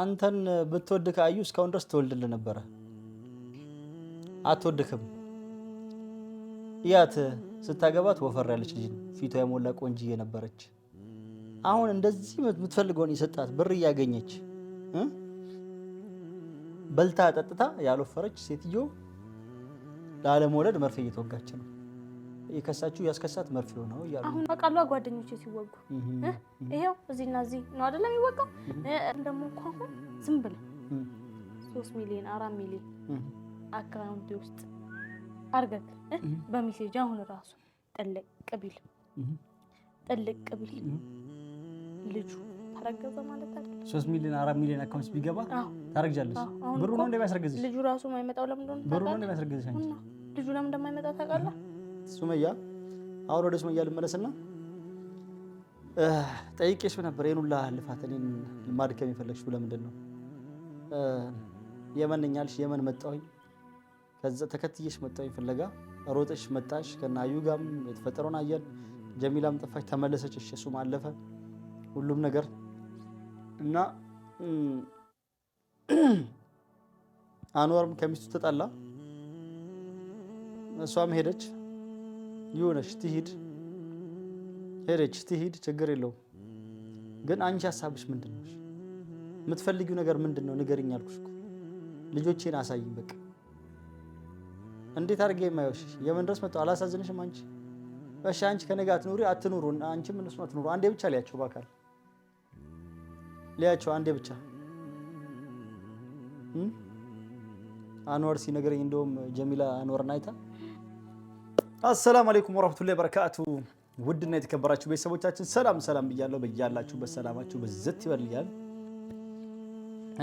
አንተን ብትወድ ካዩ እስካሁን ድረስ ትወልድልህ ነበረ። አትወድክም። እያት ስታገባት ወፈር ያለች ልጅ ፊቷ የሞላ ቆንጂ ነበረች። አሁን እንደዚህ የምትፈልገውን የሰጣት ብር እያገኘች በልታ ጠጥታ ያልወፈረች ሴትዮ ላለመውለድ መርፌ እየተወጋች ነው። የከሳችሁ ያስከሳት መርፌው ነው እያሉ አሁን አውቃለሁ። ጓደኞቼ ሲወጉ ይሄው እዚህና እዚህ ነው አይደለም የሚወጋው። ደግሞ እኮ አሁን ዝም ብለህ ሶስት ሚሊዮን አራት ሚሊዮን አካውንት ውስጥ አድርገህ በሚሴጅ አሁን ራሱ ጥልቅ ቢል ጥልቅ ቢል ልጁ ተረገዘ ማለት አይደለም። ሶስት ሚሊዮን አራት ሚሊዮን አካውንት ቢገባ ታረግጃለች። ብሩ ነው እንደሚያስረግዝሽ ልጁ ራሱ የማይመጣው ለምንድን ነው? ብሩ ነው እንደሚያስረግዝሽ ልጁ ለምን እንደማይመጣ ታውቃለህ? ሱመያ አሁን ወደ ሱመያ ልመለስና ጠይቄሽ ነበር። ይሄን ሁላ ልፋት እኔን ማድከም የፈለግሽው ለምንድን ነው? የመን ነኝ አልሽ። የመን መጣሁኝ። ከዛ ተከትዬሽ መጣሁኝ ፍለጋ ሮጠሽ መጣሽ። ከና ጋም የተፈጠረውን አየን። ጀሚላም ጠፋሽ፣ ተመለሰች። እሺ እሱም አለፈ ሁሉም ነገር እና አንዋርም ከሚስቱ ተጣላ፣ እሷም ሄደች። ይሁንሽ ትሂድ፣ ሄደች ትሂድ፣ ችግር የለውም። ግን አንቺ ሀሳብሽ ምንድን ነው? የምትፈልጊው ነገር ምንድን ነው? ንገሪኝ አልኩሽ እኮ ልጆቼን አሳይኝ። በቃ እንዴት አድርጌ የማይወሽ የምን ድረስ መጣሁ? አላሳዝንሽም? አንቺ እሺ፣ አንቺ ከእኔ አትኑሪ፣ አትኑሩ፣ አንቺም እነሱን አትኑሩ። አንዴ ብቻ ሊያቸው፣ በአካል ሊያቸው፣ አንዴ ብቻ አንወር ሲነገረኝ እንደውም ጀሚላ አንዋርን አይታ አሰላሙ አለይኩም ወራህመቱላሂ በረካቱ ውድና የተከበራችሁ ቤተሰቦቻችን ሰላም ሰላም ብያለሁ። በያላችሁበት ሰላማችሁ በዘት ይበልያል።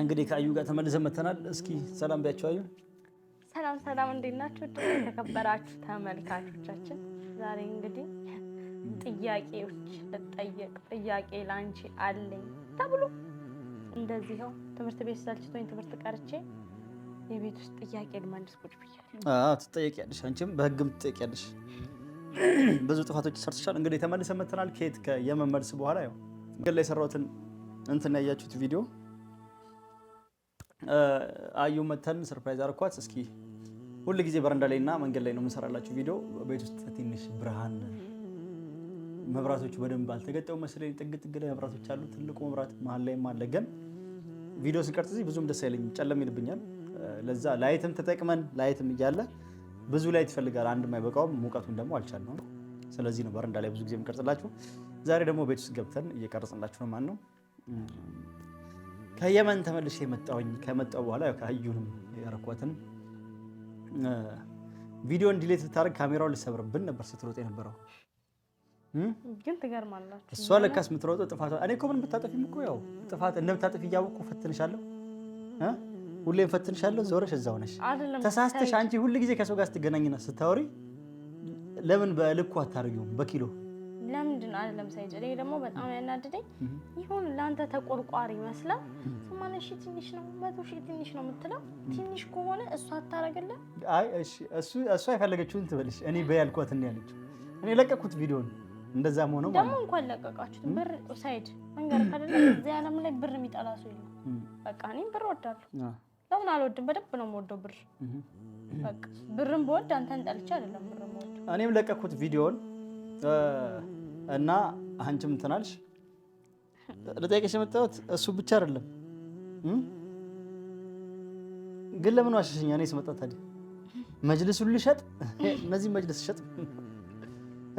እንግዲህ ከአዩ ጋር ተመልሰን መተናል። እስኪ ሰላም ቢያችሁ አዩ። ሰላም ሰላም፣ እንዴት ናችሁ? የተከበራችሁ ተመልካቾቻችን ዛሬ እንግዲህ ጥያቄዎች ልጠየቅ ጥያቄ ላንቺ አለኝ ተብሎ እንደዚህው ትምህርት ቤት ሰልችቶኝ ትምህርት ቀርቼ የቤት ውስጥ ጥያቄ ልመልስ ቁጭ ብያለሁ። ትጠየቂያለሽ፣ አንቺም በህግም ትጠየቂያለሽ። ብዙ ጥፋቶች ሰርተሻል። እንግዲህ ተመልሰን መተናል። ከየት ከየመመልስ በኋላ ያው ግን ላይ የሰራሁትን እንትን ያያችሁት ቪዲዮ አዩ መተን ሰርፕራይዝ አርኳት። እስኪ ሁል ጊዜ በረንዳ ላይ እና መንገድ ላይ ነው የምንሰራላችሁ ቪዲዮ። ቤት ውስጥ ትንሽ ብርሃን መብራቶች በደንብ አልተገጠው መሰለኝ። ጥግ ጥግ ላይ መብራቶች አሉ። ትልቁ መብራት መሀል ላይም አለ። ግን ቪዲዮ ስንቀርጽ እዚህ ብዙም ደስ አይለኝም፣ ጨለም ይልብኛል ለዛ ላይትም ተጠቅመን ላይትም እያለ ብዙ ላይ ትፈልጋል አንድ የማይበቃውም ሙቀቱን ደግሞ አልቻልነው። ስለዚህ ነው በረንዳ ላይ ብዙ ጊዜ የምንቀርጽላችሁ። ዛሬ ደግሞ ቤት ውስጥ ገብተን እየቀረጽንላችሁ ነው። ማን ነው ከየመን ተመልሼ የመጣውኝ? ከመጣው በኋላ ከአዩንም ያረኳትን ቪዲዮን ዲሌት ልታደርግ ካሜራውን ልሰብርብን ነበር ስትሮጥ የነበረው ግን ትገርማላችሁ። እሷ ለካስ የምትሮጠው ጥፋት እኔ እኮ ምን ብታጠፊም እኮ ያው ጥፋት እንደምታጠፊ እያወቅሁ ፈትንሻለሁ። ሁሌም ፈትንሻለሁ፣ ዞረሽ እዛው ነሽ። ተሳስተሽ አንቺ ሁል ጊዜ ከሰው ጋር ስትገናኝና ስታወሪ ለምን በልኩ አታርጊውም? በኪሎ ለምንድን አይደለም ሳይጭ። እኔ ደግሞ በጣም ያናድደኝ ይሁን ለአንተ ተቆርቋሪ ይመስላል። ሰማንያ ሺህ ትንሽ ነው፣ መቶ ሺህ ትንሽ ነው የምትለው ትንሽ ከሆነ እሱ አታረግልህ። አይ እሺ፣ እሱ እሱ የፈለገችውን ትበልሽ። እኔ በያልኳት እንደ ያለችው እኔ ለቀኩት ቪዲዮን እንደዛ ሆኖ ደግሞ እንኳን ለቀቃችሁት ብር ሳይድ መንገር ከደለ እዚህ ዓለም ላይ ብር የሚጠላ ሰው የለም። በቃ እኔም ብር ወዳለሁ። ለምን አልወድም? በደንብ ነው የምወደው ብር። በቃ ብርም በወድ አንተን ጠልቼ አይደለም ብር እኔም ለቀኩት ቪዲዮን እና አንቺም እንትን አልሽ። ልጠይቅሽ የመጣሁት እሱ ብቻ አይደለም ግን ለምን ዋሸሽኛ? እኔ ስመጣ ታዲያ መጅልሱን ልሸጥ እነዚህ መጅልስ ሸጥ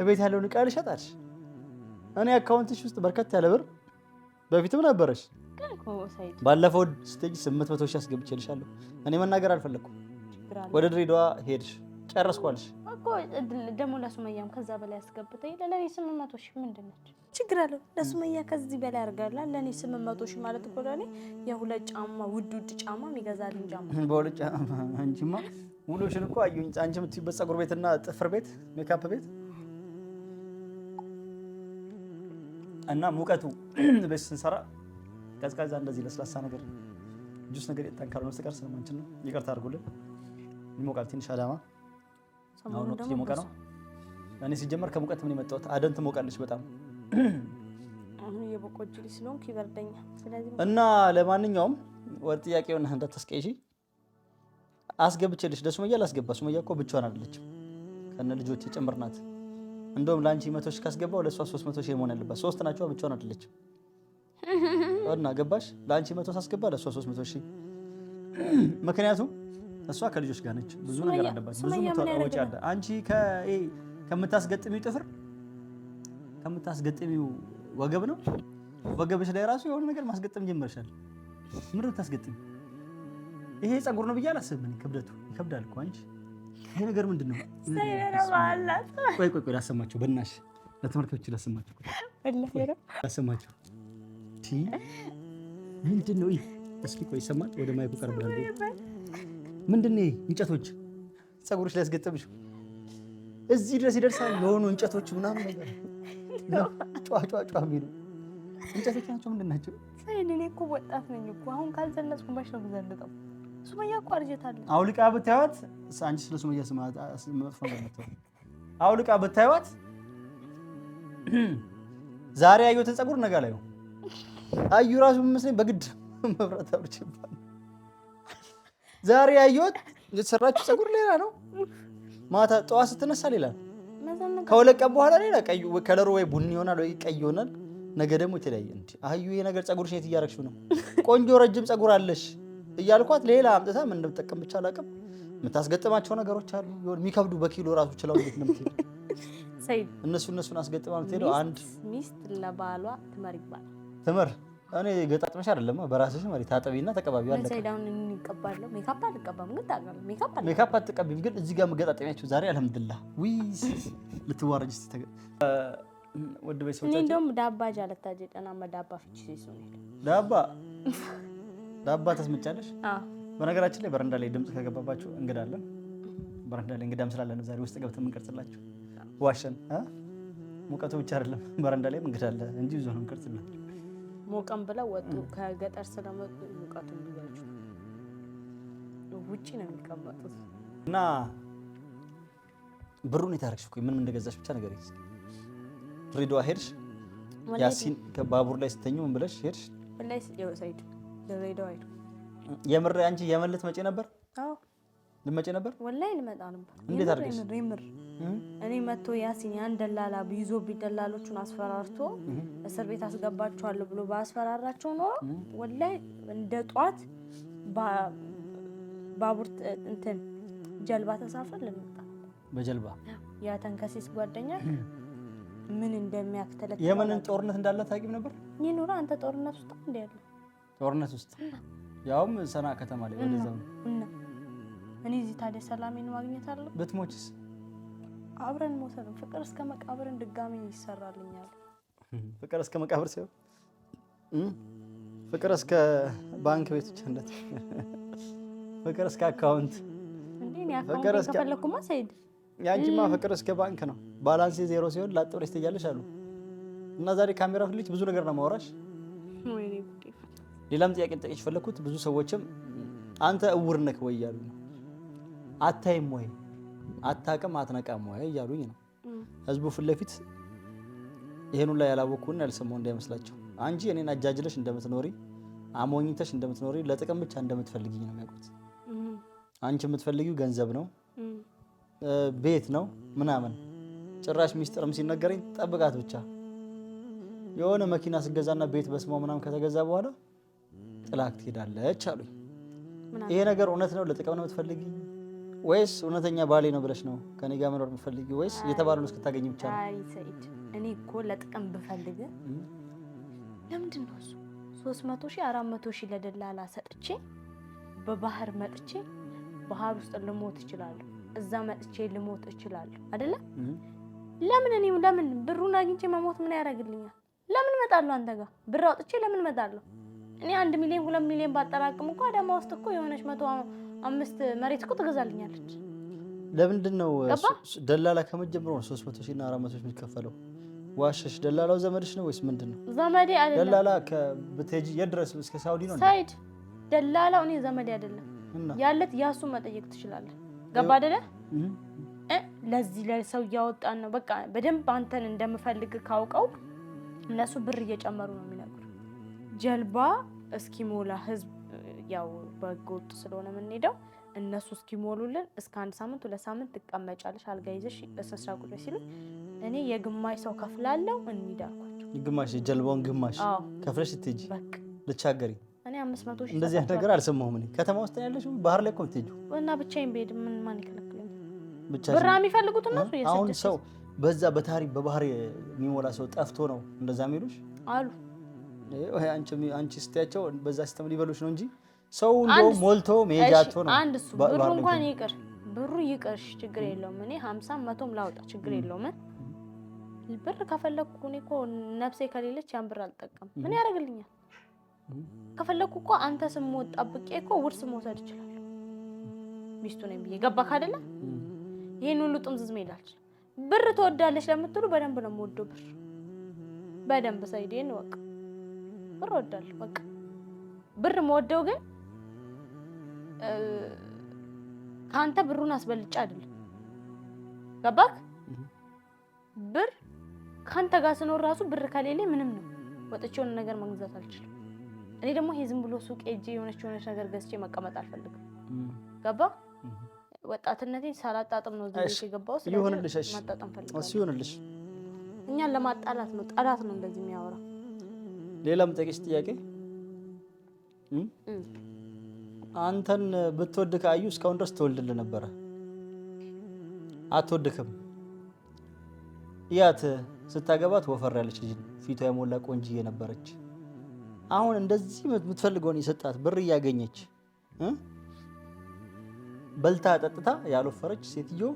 እቤት ያለውን እቃ ልሸጥ አልሽ። እኔ አካውንትሽ ውስጥ በርከት ያለ ብር በፊትም ነበረሽ ባለፈው ስቴጅ ስምንት መቶ ሺህ አስገብቼልሻለሁ። እኔ መናገር አልፈለኩም። ወደ ድሬዳዋ ሄድሽ ጨረስኳልሽ እኮ ደግሞ ለሱመያም ከዛ በላይ አስገብተኝ ለእኔ ስምንት መቶ ሺህ ምንድን ነች? ችግር አለው ለሱመያ ከዚህ በላይ አድርጋላ። ለእኔ ስምንት መቶ ሺህ ማለት እኮ ለእኔ የሁለት ጫማ ውድ ውድ ጫማ የሚገዛልኝ ጫማ በሁለት ጫማ አንቺማ ውሎሽን እኮ አዩኝ። አንቺ የምትይበት ፀጉር ቤትና ጥፍር ቤት ሜካፕ ቤት እና ሙቀቱ ቤት ስንሰራ ቀዝቃዛ እንደዚህ ለስላሳ ነገር ጁስ ነገር የጠጣን ካልሆነ በስተቀር ስለማንችል ነው። ይቅርታ አድርጉልን። ይሞቃል። ትንሽ አዳማ አሁን ወቅት እየሞቀ ነው። እኔ ሲጀመር ከሙቀት ምን የመጣሁት አደን ትሞቃለች በጣም እና ለማንኛውም ወደ ጥያቄውን እንዳትስቀይሺ አስገብቼልሽ ለሱመያ ላስገባ። ሱመያ እኮ ብቻዋን አይደለችም ከነ ልጆች የጨምርናት እንደውም ለአንቺ መቶ ሺህ ካስገባው ለእሷ ሶስት መቶ ሺህ መሆን ያለባት ሶስት ብቻዋን አይደለችም። እና ገባሽ ለአንቺ መቶ ሳስገባ ለእሷ ሶስት መቶ ሺህ ምክንያቱም እሷ ከልጆች ጋር ነች፣ ብዙ ነገር አለባት፣ ብዙ ወጪ አለ። አንቺ ከምታስገጥሚው ጥፍር ከምታስገጥሚው ወገብ ነው። ወገብሽ ላይ ራሱ የሆነ ነገር ማስገጠም ጀመርሻል። ምንድን ነው ታስገጥሚ? ይሄ ፀጉር ነው ብዬ አላስብም። ክብደቱ ይከብዳል እኮ አንቺ። ይሄ ነገር ምንድን ነው? ቆይ ቆይ ቆይ ላሰማቸው፣ በእናትሽ ለተመልካቾች ላሰማቸው፣ ላሰማቸው ምንድን ነው? እስኪ ቆይ ይሰማል። ወደ ማይኩ ምንድን ነው እንጨቶች ፀጉሮች ላይ እዚህ ድረስ ይደርሳል የሆኑ እንጨቶች ምናምን ጫጫጫ ሚሉ እንጨቶች ናቸው። ምንድን ናቸው? እኔ እኮ ወጣት ነኝ እኮ አሁን መች ነው ሱመያ እኮ አውልቃ ብታዩት አንቺ ስለ ሱመያ አውልቃ ዛሬ ያየሁትን ፀጉር ነገ ላይ ነው አዩ ራሱ የሚመስለኝ በግድ መብራት አብርቼ ዛሬ ያየሁት የተሰራችው ፀጉር ሌላ ነው። ማታ ጠዋት ስትነሳ ሌላ ነው። ከሁለት ቀን በኋላ ሌላ ቀዩ ከለሩ ወይ ቡኒ ይሆናል ወይ ቀይ ይሆናል። ነገ ደግሞ የተለያየ። እንደ አዩ ይሄ ነገር ፀጉርሽን የት እያደረግሽው ነው? ቆንጆ ረጅም ፀጉር አለሽ እያልኳት ሌላ አምጥታ ምን እንደምጠቀም ብቻ አላውቅም። የምታስገጥማቸው ነገሮች አሉ የሚከብዱ በኪሎ ራሱ ችለው እንዴት ነው የምትሄደው? እነሱ እነሱን አስገጥማ የምትሄደው አንድ ሚስት ለባሏ ትመር ይባላል ትምር እኔ ገጣጥመሽ አይደለም በራስሽ መሬት ታጠቢና ተቀባቢ አለ። ሰይዳውን እንቀባለሁ። ሜካፕ አትቀባም ግን ታውቃለህ፣ ሜካፕ አለ። ሜካፕ አትቀቢም ግን እዚህ ጋር መገጣጠሚያችሁ ዛሬ አልሐምድሊላህ። ውይ ልትዋረጅ ስትተ ወድ በይ ሰው እንደውም ዳባ ጃለታ ጀጠና መዳባ ፍቺ ሲሱን ዳባ ዳባ ተስምጫለሽ። በነገራችን ላይ በረንዳ ላይ ድምፅ ከገባባችሁ እንግዳለን። በረንዳ ላይ እንግዳም ስላለ ዛሬ ውስጥ ገብተን የምንቀርጽላችሁ። ዋሸን ሙቀቱ ብቻ አይደለም በረንዳ ላይ አለ እንጂ ብዙ ነው እንቀርጽላችሁ ሞቀን ብለው ወጡ። ከገጠር ስለመጡ ሙቀቱ ብያቸው ውጭ ነው የሚቀመጡት። እና ብሩን የታረግሽ ምን ምን እንደገዛሽ ብቻ ነገር ድሬዳዋ ሄድሽ፣ ያሲን ባቡር ላይ ስተኙ ምን ብለሽ ሄድሽ? ላይ ሰይድ ድሬዳዋ ሄድ። የምር አንቺ የመን ልትመጪ ነበር? ልመጪ ነበር? ወላሂ ልመጣ ነበር። እንዴት አድርገሽ? እኔ መጥቶ ያሲን ያን ደላላ ይዞብኝ ደላሎቹን አስፈራርቶ እስር ቤት አስገባችኋለሁ ብሎ ባስፈራራቸው ኖሮ ወላይ እንደ ጧት ባቡር እንትን ጀልባ ተሳፍር ልንመጣ በጀልባ ያ ተንከሲስ ጓደኛ ምን እንደሚያክተለት የምንን ጦርነት እንዳለ ታቂም ነበር። ይህ ኑሮ አንተ ጦርነት ውስጥ እንደ ያለ ጦርነት ውስጥ ያውም ሰና ከተማ ላይ ወደዛ ነው። እኔ እዚህ ታዲያ ሰላሜን ማግኘት አለ ብትሞችስ አብረን ሞተን ፍቅር እስከ መቃብርን ድጋሚ ይሰራልኛል። ፍቅር እስከ መቃብር ሲሆን ፍቅር እስከ ባንክ ቤት ብቻ እንደት ፍቅር እስከ አካውንት ፍቅር እስከ ፈለኩማ ሰይድ ያንቺማ ፍቅር እስከ ባንክ ነው። ባላንስ ዜሮ ሲሆን ላጥ ብለሽ ትያለሽ አሉ እና ዛሬ ካሜራ ፊት ብዙ ነገር ነው ማውራሽ። ሌላም ጥያቄ ልጠይቅሽ ፈለኩት። ብዙ ሰዎችም አንተ እውር ነህ ወይ ያሉ አታይም ወይ አታቅም አትነቃም ወይ እያሉኝ ነው ህዝቡ ፊት ለፊት ላይ ሁላ ያላወቅኩና ያልሰማሁ እንዳይመስላቸው አንቺ እኔን አጃጅለሽ እንደምትኖሪ አሞኝተሽ እንደምትኖሪ ለጥቅም ብቻ እንደምትፈልጊኝ ነው የሚያውቁት። አንቺ የምትፈልጊው ገንዘብ ነው፣ ቤት ነው ምናምን። ጭራሽ ሚስጥርም ሲነገረኝ ጠብቃት ብቻ የሆነ መኪና ስገዛና ቤት በስማው ምናምን ከተገዛ በኋላ ጥላክ ትሄዳለች አሉኝ። ይሄ ነገር እውነት ነው? ለጥቅም ነው የምትፈልጊኝ ወይስ እውነተኛ ባሌ ነው ብለሽ ነው ከኔ ጋር መኖር የምትፈልጊው? ወይስ እየተባለውን እስክታገኝ ብቻ ነው? አይ እኔ እኮ ለጥቅም ብፈልግ ለምንድን ነው እሱ ሶስት መቶ ሺህ አራት መቶ ሺህ ለደላላ ሰጥቼ በባህር መጥቼ ባህር ውስጥ ልሞት እችላለሁ። እዛ መጥቼ ልሞት እችላለሁ አይደለም? ለምን እኔ ለምን ብሩን አግኝቼ መሞት ምን ያደርግልኛል? ለምን እመጣለሁ አንተ ጋር ብር አውጥቼ ለምን እመጣለሁ? እኔ አንድ ሚሊዮን ሁለት ሚሊዮን ባጠራቅም እኮ አዳማ ውስጥ እኮ የሆነች መቶ አምስት መሬት እኮ ትገዛልኛለች። ለምንድን ነው ደላላ ከመጀመሩ ነው 300 ሺና 400 ሺህ የሚከፈለው? ዋሸሽ። ደላላው ዘመድሽ ነው ወይስ ምንድን ነው? ዘመዴ አይደለም። ደላላ ከብቴጂ የት ድረስ እስከ ሳውዲ ነው ሳይድ። ደላላው እኔ ዘመዴ አይደለም ያለት ያሱ መጠየቅ ትችላለህ። ገባ አይደለ? ለዚህ ለሰው እያወጣን ነው። በቃ በደንብ አንተን እንደምፈልግ ካውቀው እነሱ ብር እየጨመሩ ነው የሚነግሩ ጀልባ እስኪሞላ ህዝብ ያው በህገወጥ ስለሆነ የምንሄደው እነሱ እስኪሞሉልን እስከ አንድ ሳምንት ሁለት ሳምንት ትቀመጫለሽ አልጋ ይዘሽ በስራ ቁጭ ሲሉ እኔ የግማሽ ሰው ከፍላለው እንሂድ አልኳቸው። ግማሽ የጀልባውን ግማሽ ከፍለሽ ትጂ ልቻገሪ እኔ አምስት መቶ ሺህ እንደዚህ ነገር አልሰማሁም። እኔ ከተማ ውስጥ ያለሽ ባህር ላይ ኮምትጁ እና ብቻዬን ብሄድ ምን ማን ይከለክለኝ? ብራ የሚፈልጉት እነሱ አሁን ሰው በዛ በታሪክ በባህር የሚሞላ ሰው ጠፍቶ ነው እንደዛ የሚሉሽ አሉ። አንቺ ስትያቸው በዛ ሲስተም ሊበሉሽ ነው እንጂ ሰው እንዶ ሞልቶ መሄጃቶ ነው። አንድ እሱ ብሩ እንኳን ይቅር፣ ብሩ ይቅር፣ ችግር የለውም። እኔ ሀምሳም መቶም ላውጣ ችግር የለውም። ብር ከፈለግኩ እኔ እኮ ነፍሴ ከሌለች ያን ብር አልጠቀም። ምን ያደርግልኛል? ከፈለግኩ እኮ አንተ ስም ጠብቄ እኮ ውርስ መውሰድ ይችላል። ሚስቱ ነኝ ብዬ ገባክ አይደለ? ይህን ሁሉ ጥምዝዝ መሄዳለች። ብር ትወዳለች ለምትሉ በደንብ ነው የምወደው ብር በደንብ ሰይዴን ወቅ ብር ወዳለሁ። በቃ ብር መወደው ግን ከአንተ ብሩን አስበልጬ አይደለም። ገባክ? ብር ከአንተ ጋር ስኖር ራሱ ብር ከሌለ ምንም ነው። ወጥቼ የሆነ ነገር መግዛት አልችልም። እኔ ደግሞ ይሄ ዝም ብሎ ሱቅ ሄጄ የሆነች የሆነች ነገር ገዝቼ መቀመጥ አልፈልግም። ገባ? ወጣትነቴን ሳላጣጥም ነው እዚህ የገባው። ስለዚህ ማጣጣም ፈልጋለሁ። እኛን ለማጣላት ነው። ጠላት ነው እንደዚህ የሚያወራ። ሌላም የምጠይቅሽ ጥያቄ አንተን ብትወድ ካዩ እስካሁን ድረስ ትወልድልህ ነበረ። አትወድክም። እያት ስታገባት ወፈር ያለች ልጅ ፊቷ የሞላ ቆንጅዬ ነበረች። አሁን እንደዚህ የምትፈልገውን የሰጣት ብር እያገኘች በልታ ጠጥታ ያልወፈረች ሴትዮ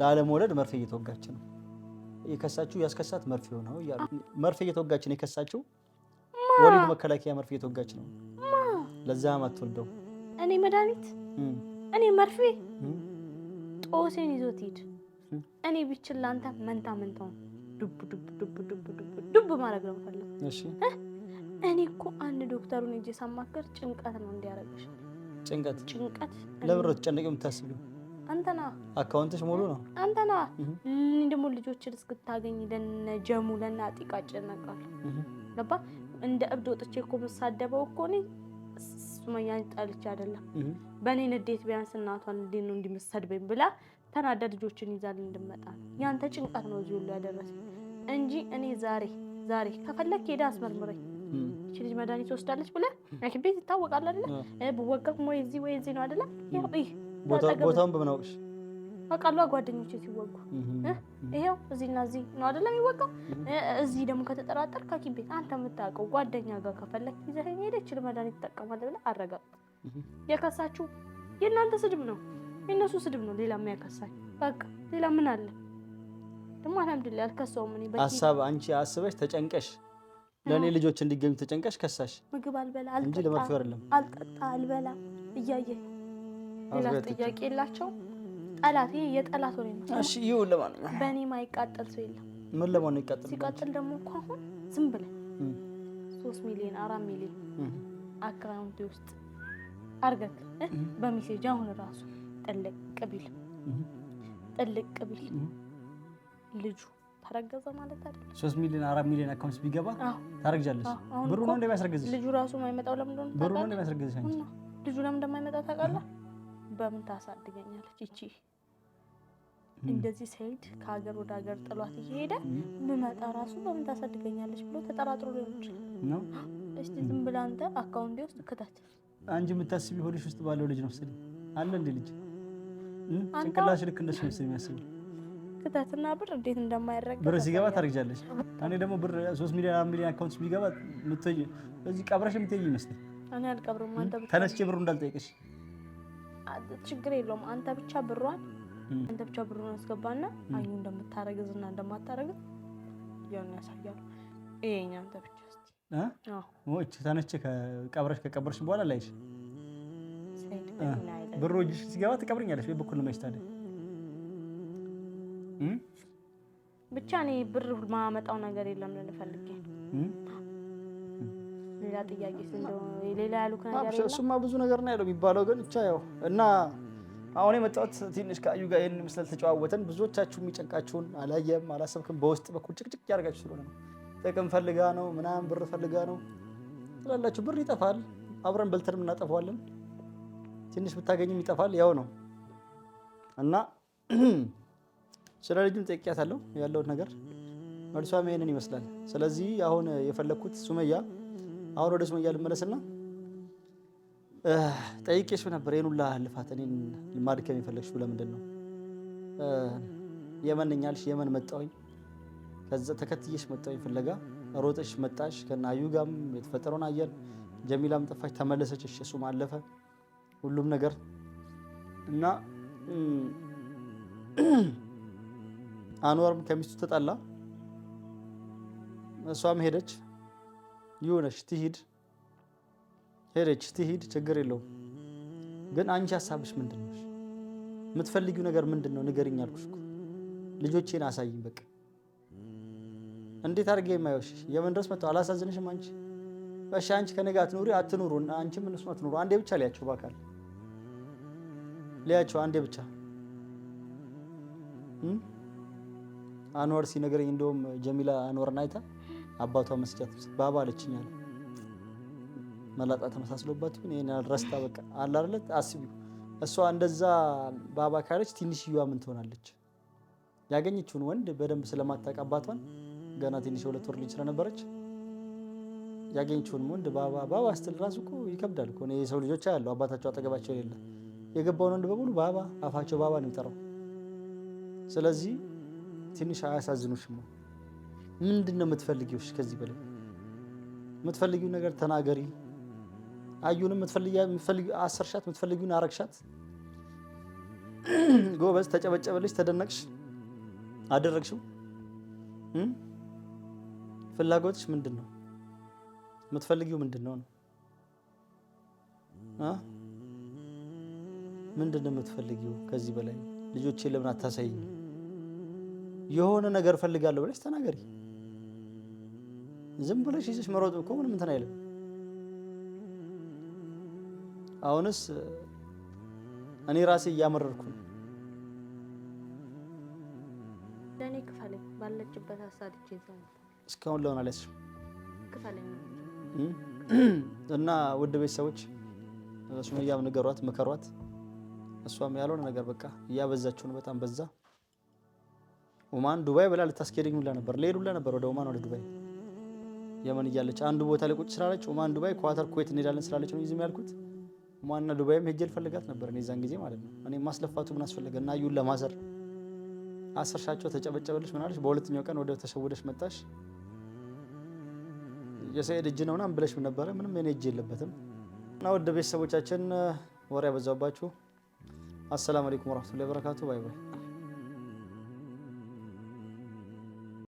ላለመውለድ መርፌ እየተወጋች ነው። የከሳችው ያስከሳት መርፌው ነው። መርፌ እየተወጋች ነው የከሳችው። ወሊድ መከላከያ መርፌ እየተወጋች ነው። ለዛ ማትወልደው እኔ መድኃኒት እኔ መርፌ ጦሴን ይዞት ሂድ። እኔ ብችል ለአንተ መንታ መንታውን ዱብ ዱብ ዱብ ዱብ ዱብ ዱብ ማድረግ ነው የምፈልግ። እሺ እኔ እኮ አንድ ዶክተሩን እጄ ሳማከር ጭንቀት ነው እንዲያረግሽ። ጭንቀት ጭንቀት ለብሮ ተጨነቀ የምታስቢው አንተና አካውንትሽ ሙሉ ነው አንተና። እኔ ደግሞ ልጆችን እስክታገኝ ለነ ጀሙ ለና ጢቃ ጨነቃል። ገባ እንደ እብድ ወጥቼ እኮ የምሳደበው እኮ እኔ ሱመያን ጠልቼ አይደለም። በእኔ ንዴት ቢያንስ እናቷን እንዴት ነው እንዲመሰድበኝ ብላ ተናዳ ልጆችን ይዛል እንድመጣ ያንተ ጭንቀት ነው እዚህ ሁሉ ያደረሰኝ እንጂ እኔ ዛሬ ዛሬ ከፈለክ ሄዳ አስመርምረኝ እቺ ልጅ መድኃኒት ወስዳለች ብለ ሐኪም ቤት ይታወቃል አይደለ? ብወጋም ወይ እዚህ ወይ እዚህ ነው አይደለ? አይደለም። ቦታውን በምን አውቅሽ? አውቃለሁ ጓደኞቼ ሲወጉ ይሄው እዚህና እዚህ ነው አይደለም የሚወጋው። እዚህ ደግሞ ከተጠራጠር ሐኪም ቤት አንተ የምታውቀው ጓደኛ ጋር ከፈለክ ይዘህ ሄደች ችል መድኃኒት ትጠቀማለህ ብለህ አረጋግጥ። የከሳችሁ የእናንተ ስድብ ነው፣ የእነሱ ስድብ ነው። ሌላ የሚያከሳኝ በቃ ሌላ ምን አለ ደግሞ? አልሐምዱሊላህ አልከሳውም። እኔ ሀሳብ አንቺ አስበሽ ተጨንቀሽ ለእኔ ልጆች እንዲገኙ ተጨንቀሽ ከሳሽ። ምግብ አልበላ እንጂ ለመጥፎ አይደለም። አልጠጣ አልበላ እያየ ሌላ ጥያቄ የላቸው ጠላት ይሄ የጠላት ወሬ ነው። እሺ ይሁን። ለማንኛውም በእኔ ማይቃጠል ሰው የለም። ምን ለማን ይቃጠል? ሲቃጠል ደግሞ እኮ አሁን ዝም ብለን ሶስት ሚሊዮን አራት ሚሊዮን አካውንት ውስጥ አርገክ በሚሴጅ አሁን ራሱ ጥልቅ ቢል ጥልቅ ቢል ልጁ ተረገዘ ማለት አይደል? ሶስት ሚሊዮን አራት ሚሊዮን አካውንት ቢገባ ታረግጃለሽ። ብሩ ነው እንደሚያስረግዝሽ። ልጁ ራሱ የማይመጣው ለምን እንደሆነ ብሩ ነው እንደሚያስረግዝሽ። ልጁ ለምን እንደማይመጣ ታውቃለህ? በምን ታሳድገኛለች ይቺ እንደዚህ ሰይድ ከሀገር ወደ ሀገር ጥሏት እየሄደ ምመጣ ራሱ በምን ታሳድገኛለች ብሎ ተጠራጥሮ ሊሆን ይችላል እስቲ ዝም ብላ አንተ አካውንቴ ውስጥ ክተት። አንቺ የምታስቢ ሆድሽ ውስጥ ባለው ልጅ ነው ስል አለ እንደ ልጅ ጭንቅላሽ ልክ እንደሱ መሰለኝ የሚያስበው ክተትና ብር እንዴት እንደማይረግ ብር ሲገባ ታርግጃለች። እኔ ደግሞ ብር ሶስት ሚሊዮን አራት ሚሊዮን አካውንት ቢገባ ምትይ እዚህ ቀብረሽ የምትሄጂ ይመስል እኔ አልቀብርም። አንተ ብቻ ተነስቼ ብሩ እንዳልጠይቅሽ ችግር የለውም። አንተ ብቻ ብሯን አንተ ብቻ ብሩን አስገባና አዩ እንደምታረግዝ እና እንደማታረግዝ ያን ያሳያሉ። ይሄኛ አንተ ብቻ እስቲ እቺ ተነች ቀብረሽ ከቀብረሽ በኋላ ላይሽ ብሩ እጅሽ ሲገባ ትቀብርኛለሽ። ወይ በኩል ነው ማይስታደ ብቻ እኔ ብር ማመጣው ነገር የለም ልንፈልግ ሌላ ጥያቄ ሌላ ያሉ ነገር እሱማ ብዙ ነገር ነው ያለው የሚባለው ግን ብቻ ያው እና አሁን የመጣሁት ትንሽ ከአዩ ጋር ይህን ምስል ተጨዋወተን። ብዙዎቻችሁ የሚጨንቃችሁን አላየም አላሰብክም፣ በውስጥ በኩል ጭቅጭቅ ያደርጋችሁ ስለሆነ ነው። ጥቅም ፈልጋ ነው ምናምን ብር ፈልጋ ነው ትላላችሁ። ብር ይጠፋል፣ አብረን በልተን እናጠፋዋለን። ትንሽ ብታገኝም ይጠፋል፣ ያው ነው እና ስለ ልጁም ጠይቄያታለሁ ያለውን ነገር መልሷም ይሄንን ይመስላል። ስለዚህ አሁን የፈለግኩት ሱመያ አሁን ወደ ሱመያ ልመለስና ጠይቄሽ ነበር። ይሄን ሁላ ልፋት እኔን ማድከም የፈለግሽው ለምንድን ነው? የመን ነኝ አልሽ። የመን መጣሁኝ። ከዛ ተከትዬሽ መጣሁኝ ፍለጋ ሮጠሽ መጣሽ። ከና ጋም የተፈጠረውን አየን። ጀሚላም ጠፋሽ፣ ተመለሰች። እሱም አለፈ ሁሉም ነገር እና አንዋርም ከሚስቱ ተጣላ፣ እሷም ሄደች። ይሁነሽ ትሂድ ሄደች ትሂድ፣ ችግር የለውም። ግን አንቺ ሀሳብሽ ምንድን ነው? የምትፈልጊው ነገር ምንድን ነው? ንገሪኝ አልኩሽ ልጆቼን አሳይኝ። በቃ እንዴት አድርጌ የማይወሽ የምን ድረስ መጣሁ? አላሳዝንሽም? አንቺ በሻ አንቺ ከእኔ ጋር አትኑሪ አትኑሩ፣ አንቺም እነሱም አትኑሩ። አንዴ ብቻ ሊያቸው በአካል ሊያቸው አንዴ ብቻ አንዋር ሲነገረኝ እንደውም ጀሚላ አንዋርን አይታ አባቷ መስጫት ባባ አለችኝ አለ መላጣ ተመሳስሎባት ይሁን ይሄን አልረስታ በቃ አለ አስቢ። እሷ እንደዛ ካለች ትንሽዬዋ ምን ትሆናለች? ያገኘችውን ወንድ በደንብ ስለማታቀባቷን ገና ትንሽ ሁለት ወር ልጅ ስለነበረች ያገኘችውን ወንድ ባባ ባባ ስትል ራሱ እኮ ይከብዳል የሰው ልጆች ያለው አባታቸው አጠገባቸው የሌለ የገባውን ወንድ በሙሉ ባባ አፋቸው ባባ ነው የሚጠራው። ስለዚህ ትንሽ አያሳዝኑሽም? ምንድን ነው የምትፈልጊው? ከዚህ በላይ የምትፈልጊው ነገር ተናገሪ። አዩንም አሰርሻት፣ የምትፈልጊውን አረግሻት። ጎበዝ፣ ተጨበጨበልሽ፣ ተደነቅሽ፣ አደረግሽው። ፍላጎትሽ ምንድን ነው? የምትፈልጊው ምንድን ነው ነው? ምንድን ነው የምትፈልጊው? ከዚህ በላይ ልጆቼ ለምን አታሳይኝ? የሆነ ነገር ፈልጋለሁ ብለሽ ተናገሪ። ዝም ብለሽ ይዘሽ መሮጥ እኮ ምንም እንትን አይልም። አሁንስ እኔ ራሴ እያመረርኩ ነው። ለእኔ ክፈለኝ ባለችበት አሳድጄ እስካሁን ለሆን አለች ክፈለኝ እና ውድ ቤተሰቦች ሱመያም ንገሯት፣ ምከሯት። እሷም ያልሆነ ነገር በቃ እያበዛችሁ ነው። በጣም በዛ። ኦማን ዱባይ ብላ ልታስኬደኝ ሁላ ነበር፣ ልሄድ ሁላ ነበር ወደ ኦማን ወደ ዱባይ የመን እያለች አንዱ ቦታ ላይ ቁጭ ስላለች ኦማን ዱባይ፣ ኳተር ኩዌት እንሄዳለን ስላለች ነው ይዝም ያልኩት። ማና ዱባይም ሄጄ ልፈልጋት ነበር እኔ ዛን ጊዜ ማለት ነው። እኔ ማስለፋቱ ምን አስፈለገ? እና እዩን ለማሰር አሰርሻቸው፣ ተጨበጨበልሽ፣ ምናለሽ። በሁለተኛው ቀን ወደ ተሸውደሽ መጣሽ። የሰኢድ እጅ ነው ምናምን ብለሽ ነበረ። ምንም የኔ እጅ የለበትም። እና ወደ ቤተሰቦቻችን ወሬ ያበዛባችሁ። አሰላሙ አለይኩም ወራህመቱላሂ ወበረካቱ። ባይ ባይ